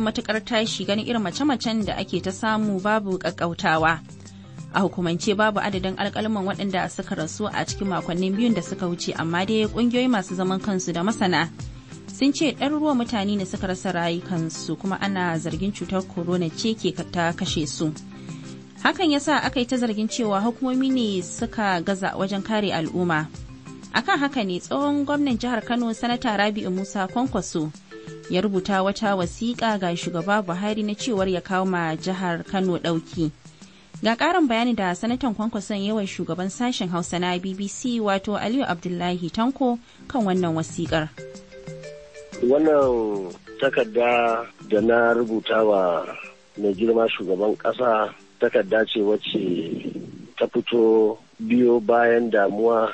matukar tashi ganin irin mace-macen da ake ta samu babu kakkautawa. A hukumance babu adadin alkalman waɗanda suka rasu a cikin makonnin biyun da suka wuce amma dai ƙungiyoyi masu zaman kansu da masana sun ce ɗaruruwan mutane ne suka rasa rayukansu kuma ana zargin cutar corona ce ke ta kashe su. Hakan ya sa aka yi ta zargin cewa hukumomi ne suka gaza wajen kare al'umma. akan haka ne tsohon gwamnan jihar kano sanata rabi'u musa kwankwaso ya rubuta wata wasiƙa ga shugaba buhari na cewar ya kawo ma jihar kano ɗauki ga ƙarin bayani da sanatan kwankwason yawan shugaban sashen hausa na bbc wato aliyu abdullahi tanko kan wannan wasiƙar wannan takarda da na rubuta wa mai girma shugaban ƙasa takarda ce wacce ta fito biyo bayan damuwa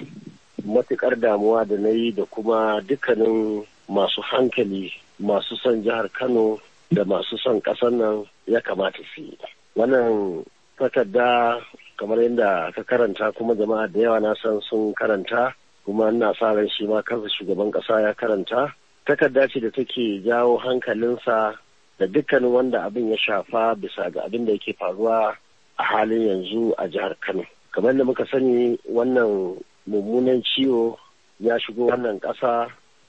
matuƙar damuwa da na yi da kuma dukkanin masu hankali masu son jihar kano da masu son ƙasar nan ya kamata su yi wannan takarda kamar yadda ka karanta kuma jama'a da yawa na san sun karanta kuma ina sa ran shi ma kansa shugaban ƙasa ya karanta takarda ce da take jawo hankalinsa da dukkanin wanda abin ya shafa bisa ga abin da yake faruwa a halin yanzu a jihar kano kamar da muka sani wannan mummunan ciwo ya shigo wannan ƙasa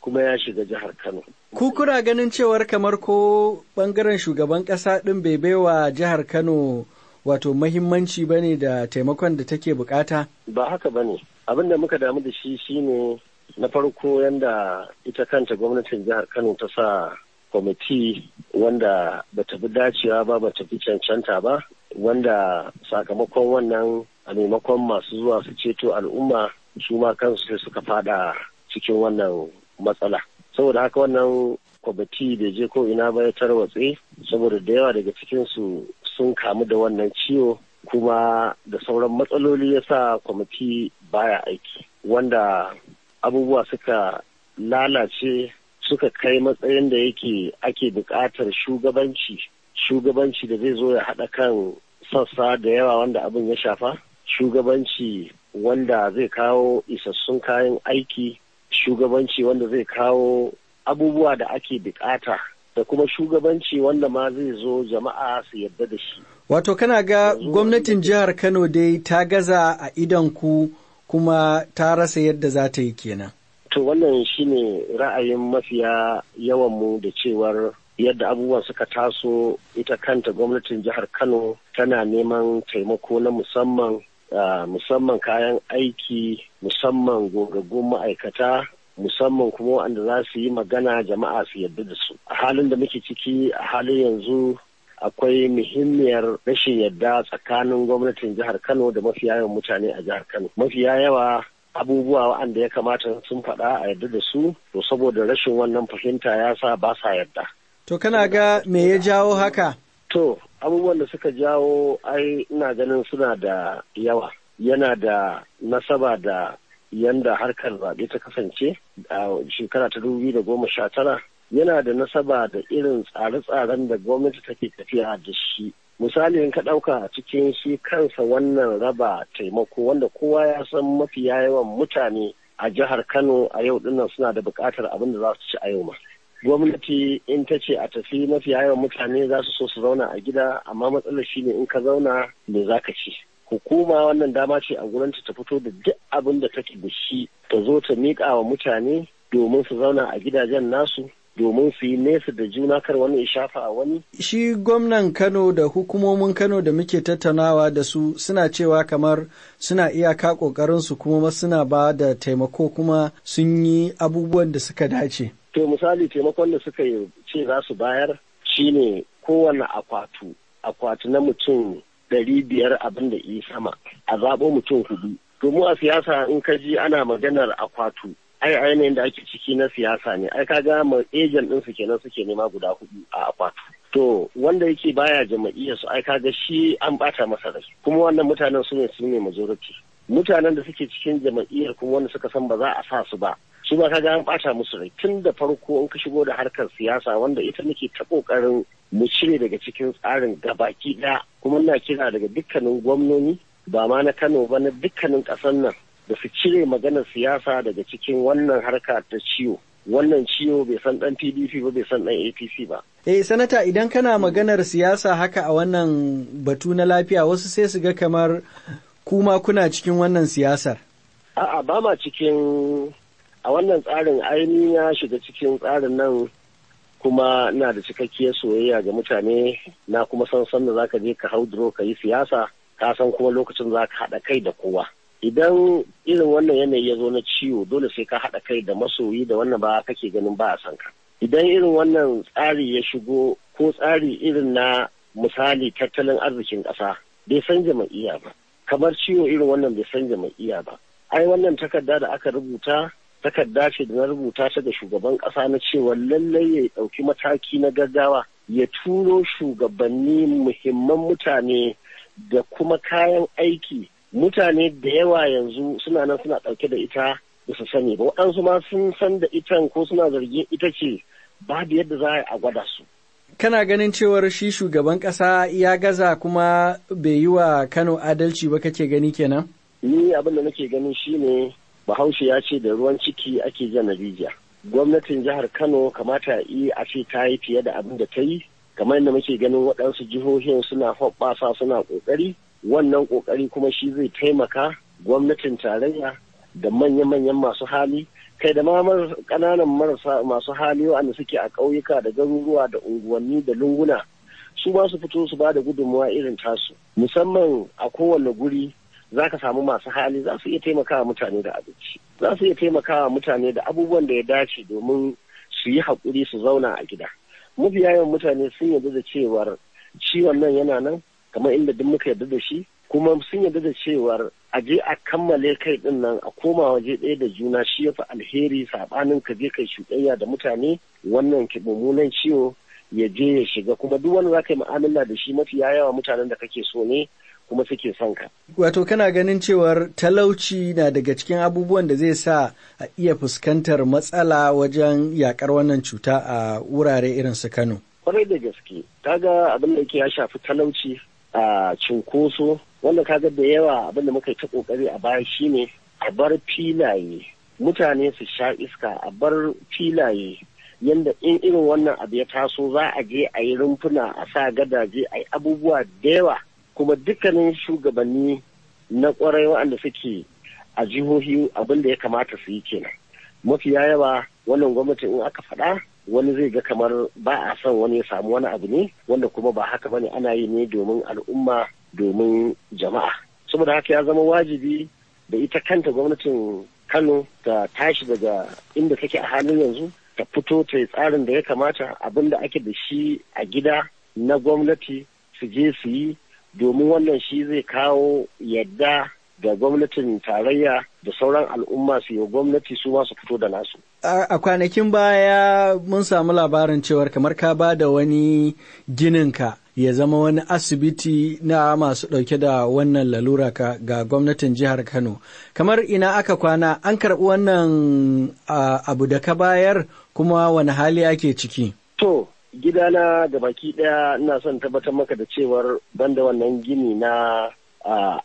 kuma ya shiga jihar Kano. Ku kuna ganin cewar kamar ko bangaren shugaban kasa ɗin bai baiwa jihar Kano wato mahimmanci ba ne da taimakon da take bukata? Ba haka ba ne. Abin da muka damu da shi shine na farko yadda ita kanta gwamnatin jihar Kano ta sa kwamiti wanda ba ta fi dacewa ba ba ta fi cancanta ba wanda sakamakon wannan a maimakon masu zuwa su ceto al'umma su ma kansu sai suka fada cikin wannan matsala saboda haka wannan kwamiti bai je ko ina ba ya tarwatse saboda da yawa daga cikinsu sun kamu da wannan ciwo kuma da sauran matsaloli ya sa kwamiti baya aiki wanda abubuwa suka lalace suka kai matsayin da yake ake buƙatar shugabanci shugabanci da zai zo ya haɗa kan sassa da yawa wanda abin ya shafa shugabanci wanda zai kawo isassun kayan aiki shugabanci wanda zai kawo abubuwa da ake bukata da kuma shugabanci wanda ma zai zo jama'a su yarda da shi. Wato kana ga gwamnatin jihar Kano dai ta gaza a idon ku kuma ta rasa yadda za ta yi kenan. To wannan shi ne ra'ayin mafiya yawanmu da cewar yadda abubuwan suka taso ita kanta gwamnatin jihar Kano tana neman taimako na musamman Ah, musamman kayan aiki musamman gogaggun ma'aikata musamman kuma waɗanda za su yi magana jama'a su yadda da su a halin da muke ciki a halin yanzu akwai muhimmiyar rashin yadda tsakanin gwamnatin jihar kano da mafi yawan mutane a jihar kano mafiya yawa abubuwa waɗanda ya kamata sun faɗa a yadda da su to saboda rashin wannan fahimta ya sa ba sa yadda. to kana ga me ya jawo haka to abubuwan da suka jawo ai ina ganin suna da yawa yana da nasaba da yanda harkar zaɓe ta kasance a shekara ta dubu da goma sha tara yana da nasaba da irin tsare-tsaren da gwamnati take tafiya da shi misali in ka ɗauka a cikin shi kansa wannan raba taimako wanda kowa ya san mafiya yawan mutane a jihar kano a yau dinnan suna da buƙatar abin da za su ci a yau ma gwamnati in ta ce a tafi mafi yawan mutane za su so su zauna a gida amma matsalar shi ne in ka zauna me za ka ci hukuma wannan dama ce a gurinta ta fito da duk abin da take da shi ta zo ta miƙa wa mutane domin su zauna a gidajen nasu domin su yi nesa da juna kar wani ya shafa a wani. Shi gwamnan Kano da hukumomin Kano da muke tattaunawa da su suna cewa kamar suna iyaka ƙoƙarinsu kuma suna ba da taimako kuma sun yi abubuwan da suka dace. to misali taimakon da suka yi ce za su bayar shine kowane akwatu akwatu na mutum ɗari biyar abin da yi sama a zaɓo mutum hudu to mu a siyasa in ka ji ana maganar akwatu ai ainihin da ake ciki na siyasa ne ai kaga ma ejen suke kenan suke nema guda hudu a akwatu to wanda yake baya jama'iyya su ai kaga shi an bata masa rai kuma wannan mutanen su ne su ne majority mutanen da suke cikin jama'iyyar kuma wanda suka san ba za a sa su ba su ba ka an bata musu rai tun da farko an ka shigo da harkar siyasa wanda ita nake ta kokarin mu cire daga cikin tsarin gabaki da kuma na kira daga dukkanin gwamnoni ba ma na Kano ba na dukkanin ƙasar nan da su cire maganar siyasa daga cikin wannan harka ta ciwo wannan ciwo bai san dan PDP ba bai san dan APC ba eh sanata idan kana maganar siyasa haka a wannan batu na lafiya wasu sai su ga kamar kuma kuna cikin wannan siyasar a'a ba ma cikin a wannan tsarin aini ya shiga cikin tsarin nan kuma na da cikakkiyar soyayya ga mutane na kuma san san da zaka je ka hauduro ka yi siyasa ka san kuma lokacin za ka haɗa kai da kowa idan irin wannan yanayi ya zo na ciwo dole sai ka haɗa kai da masoyi da wannan ba kake ganin ba a san ka idan irin wannan tsari ya shigo ko tsari irin na misali tattalin arzikin ƙasa bai san jama'iya ba kamar ciwo irin wannan bai san jama'iya ba ai wannan takarda da aka rubuta takarda ce da na rubuta ta ga shugaban kasa na cewa lallai ya ɗauki mataki na gaggawa ya turo shugabanni muhimman mutane da kuma kayan aiki mutane da yawa yanzu suna nan suna ɗauke da ita da su sani ba waɗansu ma sun san da itan ko suna zargin ita ce ba da yadda za a gwada su. Kana ganin cewar shi shugaban ƙasa ya gaza kuma bai yi wa Kano adalci ba kake gani kenan? Ni abin da nake ganin shine ne bahaushe ya ce da ruwan ciki ake jan rijiya gwamnatin jihar kano kamata yi a ce ta yi fiye da abin da ta yi kamar yadda muke ganin waɗansu jihohin suna hoɓɓasa suna ƙoƙari wannan ƙoƙari kuma shi zai taimaka gwamnatin tarayya da manya-manyan masu hali kai da ma ƙananan marasa masu hali wanda suke a ƙauyuka da garuruwa da unguwanni da lunguna su ba su fito su ba da gudunmawa irin tasu musamman a kowane guri za ka samu masu hali za su iya taimakawa mutane da abinci za su iya taimakawa mutane da abubuwan da ya dace domin su yi haƙuri su zauna a gida mafi yawan mutane sun yarda da cewar ciwon nan yana nan kamar inda duk muka yarda da shi kuma sun yarda da cewar a je a kammale kai din nan a koma waje ɗaya da juna shi ya fi alheri saɓanin ka je kai shuɗayya da mutane wannan mummunan ciwo ya je ya shiga kuma duk wani za ka yi mu'amala da shi mafi yawan mutanen da kake so ne kuma suke son ka. Wato kana ganin cewar talauci na daga cikin abubuwan da zai sa a iya fuskantar matsala wajen yakar wannan cuta a wurare irin su Kano. Kwarai da gaske, kaga abin da yake ya shafi talauci a cunkoso wanda kaga da yawa abin da muka yi ta kokari a baya shine a bar filaye mutane su sha iska a bar filaye yadda in irin wannan abu ya taso za a je a yi rumfuna a sa gadaje a yi abubuwa da yawa kuma dukkanin shugabanni na kwarai waɗanda suke a jihohi abin da ya kamata su yi kenan mafiya yawa wannan gwamnati in aka faɗa wani zai ga kamar ba a son wani ya samu wani abu ne wanda kuma ba haka bane ana yi ne domin al'umma domin jama'a saboda haka ya zama wajibi da ita kanta gwamnatin kano ta tashi daga inda take a halin yanzu ta fito ta yi tsarin da ya kamata abin da ake da shi a gida na gwamnati su je su yi domin wannan shi zai kawo yadda da gwamnatin tarayya da sauran al'umma su yi gwamnati su masu fito da nasu. A kwanakin baya mun samu labarin cewar kamar ka ba da wani ginin ka ya zama wani asibiti na masu ɗauke da wannan lalura ka ga gwamnatin jihar Kano. Kamar ina aka kwana an karɓi wannan abu da ka bayar kuma wani hali ake ciki. To, gidana ga baki daya ina son tabbatar maka da cewar banda wannan gini na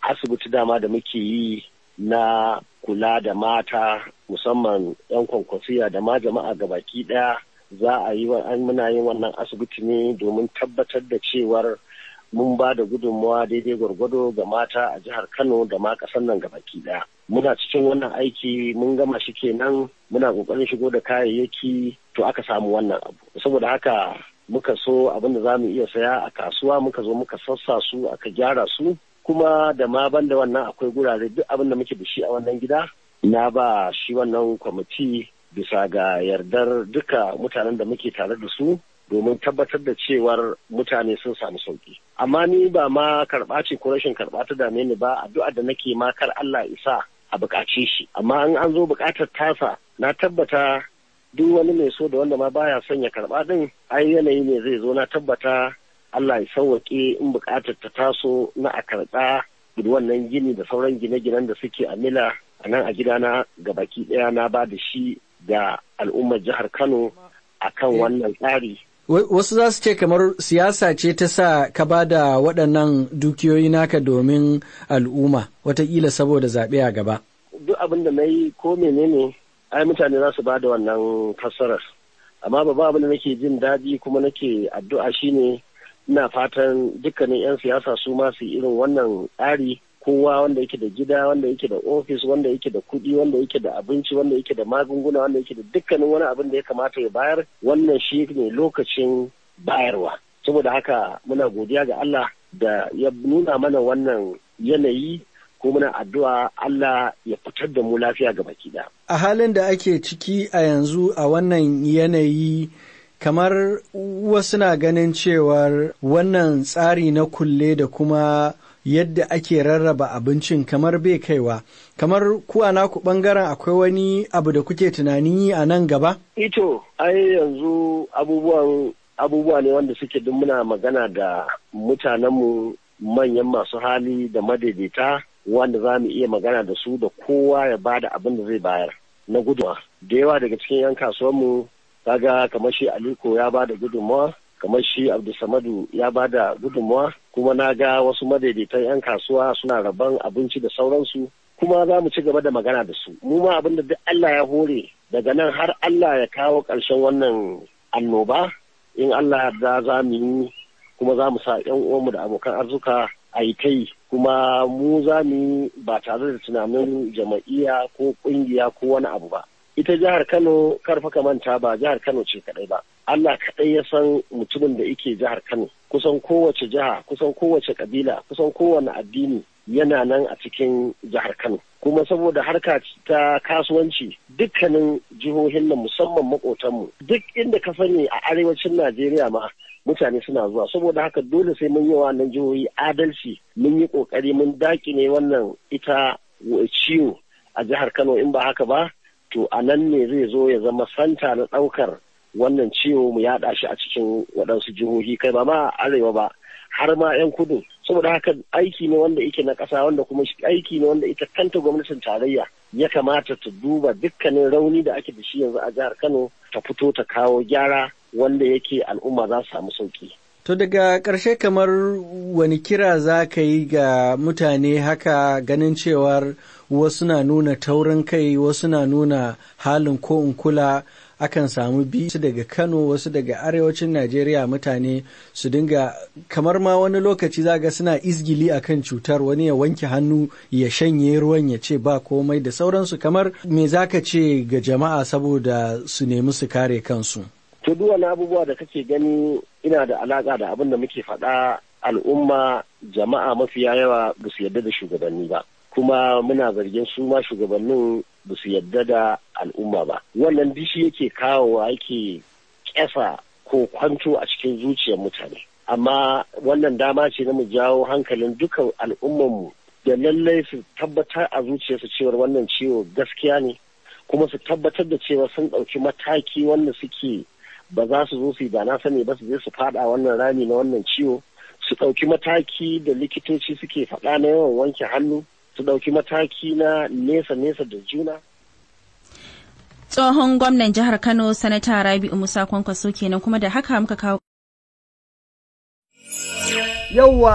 asibiti dama da muke yi na kula da mata musamman 'yan kwankwasiya da ma jama'a ga baki daya za a yi wa muna yin wannan asibiti ne domin tabbatar da cewar mun ba da gudunmawa daidai gwargwado ga mata a jihar kano da ma ƙasar nan gabaki ɗaya muna cikin wannan aiki mun gama shi kenan muna ƙoƙarin shigo da kayayyaki to aka samu wannan abu saboda haka muka so abin za mu iya saya a kasuwa muka zo muka sassa su aka gyara su kuma da ma ban da wannan akwai gurare duk abin da muke da shi a wannan gida na ba shi wannan kwamiti bisa ga yardar duka mutanen da muke tare da su domin tabbatar da cewar mutane sun sami sauki amma ni ba ma karɓa ce ko rashin karɓa ta dame ni ba addu'a da nake ma kar Allah isa a buƙace shi amma in an zo buƙatar tasa na tabbata duk wani mai so da wanda ma baya son ya karɓa din ai yanayi ne zai zo na tabbata Allah ya sauwaƙe in buƙatar ta taso na a karɓa wannan gini da sauran gine-ginen da suke a mila a nan a gidana ga baki ɗaya na ba da shi ga al'ummar jihar Kano akan eh. wannan tsari wasu za su ce kamar siyasa ce ta sa ka ba da waɗannan dukiyoyi naka domin al'umma watakila saboda zaɓe a gaba. Duk abin da na yi ko menene ai mutane za su ba da wannan fassarar. Amma ba abin da nake jin daji kuma nake addu'a shine ina fatan dukkanin 'yan siyasa su ma su irin wannan tsari kowa wanda yake da gida wanda yake da ofis wanda yake da kudi, wanda yake da abinci wanda yake da magunguna wanda yake da dukkanin wani abin da ya kamata ya bayar wannan shi ne lokacin bayarwa saboda haka muna godiya ga Allah da ya nuna mana wannan yanayi ko muna addu'a Allah ya fitar da mu lafiya ga baki da. A halin da ake ciki a yanzu a wannan yanayi kamar wasu na ganin cewar wannan tsari na kulle da kuma yadda ake rarraba abincin kamar bai kaiwa kamar kuwa na ku bangaren akwai wani abu da kuke tunani yi a nan gaba? ito ai yanzu abubuwan abubuwa ne wanda suke duk muna magana da mutanenmu manyan masu hali da madaidaita wanda za mu iya magana da su da kowa ya ba da abin da zai bayar na gudunmawa da yawa daga cikin 'yan kasuwanmu kaga kamar shi aliko ya ba da gudunmawa kamar shi abdulsamadu ya ba da gudunmawa kuma na ga wasu madaidaitan 'yan kasuwa suna rabon abinci da sauransu kuma za mu ci gaba da magana da su mu ma abin da duk Allah ya hore daga nan har Allah ya kawo ƙarshen wannan annoba in Allah da za mu yi kuma za mu sa 'yan uwanmu da abokan arzuka a yi kai kuma mu za mu yi ba tare da tunanin jama'iya ko ƙungiya ko wani abu ba ita jihar Kano karfa ka manta ba jihar Kano ce kadai ba Allah kadai ya san mutumin da yake jihar Kano kusan kowace jiha kusan kowace kabila kusan kowane addini yana nan a cikin jihar Kano kuma saboda harka ta kasuwanci dukkanin jihohin nan musamman makotanmu duk inda ka sani a arewacin Najeriya ma mutane suna zuwa saboda haka dole sai mun yi wa nan jihohi adalci mun yi kokari mun dakine wannan ita eh, ciwo a jihar Kano in ba haka ba to a nan ne zai zo ya zama santa na ɗaukar wannan ciwo mu yaɗa shi a cikin waɗansu jihohi kai ba ma arewa ba har ma 'yan kudu saboda haka aiki ne wanda yake na ƙasa wanda kuma aiki ne wanda ita kanta gwamnatin tarayya ya kamata ta duba dukkanin rauni da ake da shi yanzu a jihar kano ta fito ta kawo gyara wanda yake al'umma za su samu sauki. To daga ƙarshe kamar wani kira za ka yi ga mutane haka ganin cewar wasu na nuna taurin kai wasu na nuna halin ko in kula akan samu biyu daga Kano wasu daga arewacin Najeriya mutane su dinga kamar ma wani lokaci za ga suna izgili a kan cutar wani ya wanke hannu ya shanye ruwan ya ce ba komai da sauransu kamar me za ka ce ga jama'a saboda su nemi su kare kansu. to wani abubuwa da kake gani ina da alaka da abin da muke faɗa al'umma jama'a mafi yawa ba su yarda da shugabanni ba kuma muna zargin su ma shugabannin ba su yarda da al'umma ba wannan bishi yake kawowa yake kesa ko kwanto a cikin zuciyar mutane amma wannan dama ce na mu jawo hankalin dukan al'ummanmu da lallai su tabbatar a zuciyarsu cewar wannan ciwo gaskiya ne kuma su tabbatar da cewa sun ɗauki mataki wanda suke ba za su zo su yi ba na sani ba su je su fada wannan rami na wannan ciwo su ɗauki mataki da likitoci suke faɗa na yawan wanke hannu su ɗauki mataki na nesa nesa da juna tsohon gwamnan jihar kano sanata rabi'u musa kwankwaso kenan kuma da haka muka kawo yawwa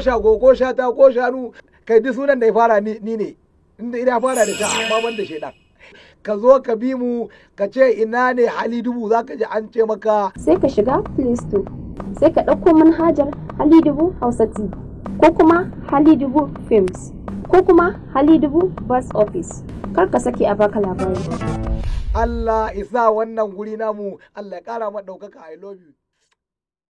shago ko ta ko shanu kai duk sunan da ya fara ni ne inda ina fara da ta amma ban da ka zo ka bi mu ka ce ina ne hali dubu za ka ji an ce maka sai ka shiga play store sai ka ɗauko manhajar hali dubu hausa t ko kuma hali dubu films ko kuma hali dubu bus office kar ka saki a baka labari Allah isa wannan guri namu Allah ya kara ma daukaka I love you